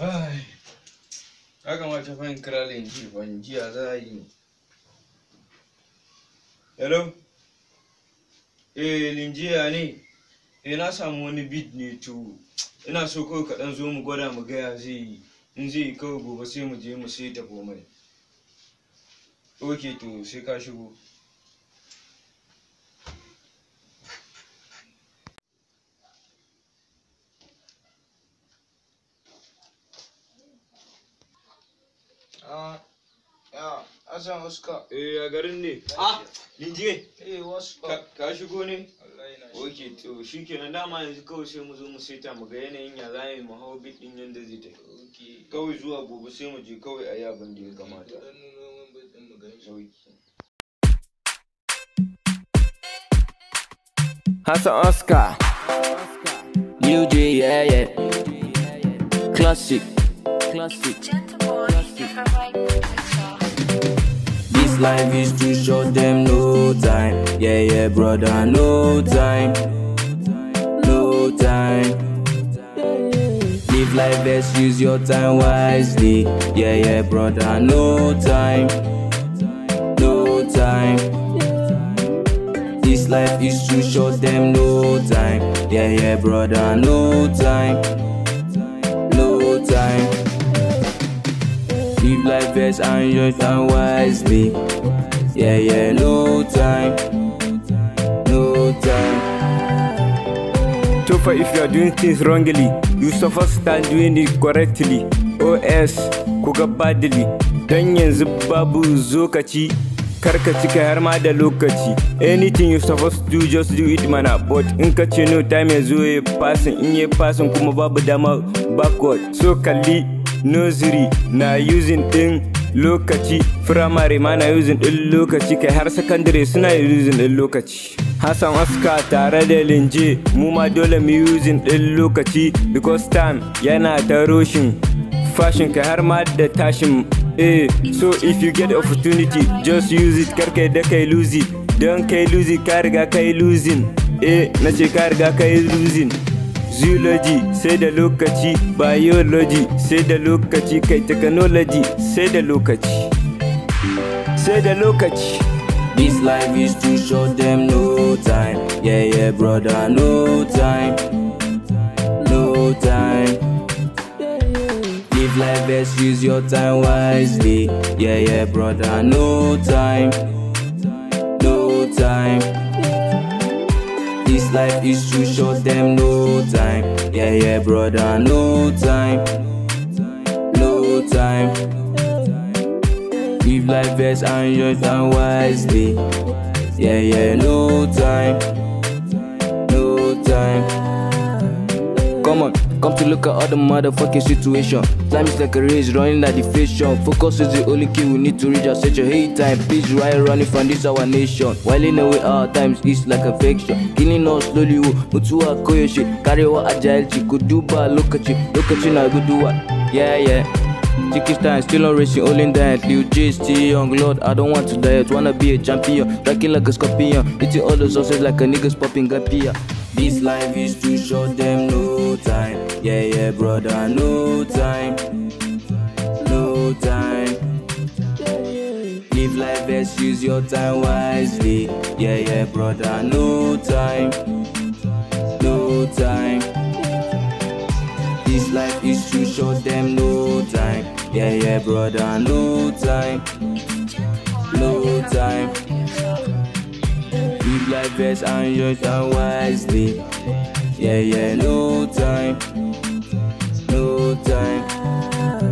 ai haka kamata fa in kira ban jiya za a yi hello eh linjiya ne eh na samu wani bid ne to ina so kawai kaɗan zo mu gwada mu gaya zai yi in zai yi kawai gobe sai mu je mu sai ta komai ok to sai ka shigo Ah, Hassan Oscar. Eh a garin wasu ne? Ah, eh, kenan dama yanzu kawai sai mu mu mu yanayin ya za mu yanda zai gobe sai mu je a yi abin da ya kamata. Hassan Oscar. UG, yeah, yeah. Classic. Classic. This life is too short, them no time. Yeah, yeah, brother, no time. No time. Live life best, use your time wisely. Yeah, yeah, brother, no time. No time. This life is too short, them no time. Yeah, yeah, brother, no time. always and you wise wisely. Yeah, yeah, no time, no time. Tofa, if you are doing things wrongly, you suffer start doing it correctly. OS, kuga badly. Don yanzu babu zokaci, karka cika har ma da lokaci. Anything you supposed to do, just do it mana. But in ka ce no time yanzu ya fasin, in ya fasin kuma babu dama backward. So kalli nursery na using thing lokaci firamare ma na yuzin ɗin lokaci kai har sakandare suna yuzin ɗin lokaci hassan oscar tare da linje mu ma dole mu yuzin ɗin lokaci because time yana ta roshin fashin kai har ma da tashin eh so if you get opportunity just use it kar kai da kai lose it don kai lose it ka riga kai losing eh na ce ka riga kai losing zoology sai da lokaci biology sai da lokaci kai technology sai da lokaci sai da lokaci This life is too short, them no time. Yeah, yeah, brother, no time. No time. Live life best, use your time wisely. Yeah, yeah, brother, no time. No time. This life is too short, them no time. Yeah, yeah, brother, no time. No time. Live life best and just and wisely. Yeah, yeah, no time. No time. Come on, come to look at all the motherfucking situation. Time is like a race running at the fashion. Focus is the only key we need to reach our such a hate time. Peace right running from this our nation. While in away our times is like a fiction. Killing us slowly, mutua oh, koyoshi. look agile, you now, lokachi do what? Yeah, yeah. time still on racing, all in that. Liu J, still young, Lord, I don't want to diet. Wanna be a champion, tracking like a scorpion. Eating all the sauces like a nigga's popping gapia. This life is too short, yeah, yeah, brother, no time, no time. Live life best, use your time wisely. Yeah, yeah, brother, no time, no time. This life is too short, them no time. Yeah, yeah, brother, no time, no time life best and use her wisely. Yeah, yeah, no time, no time.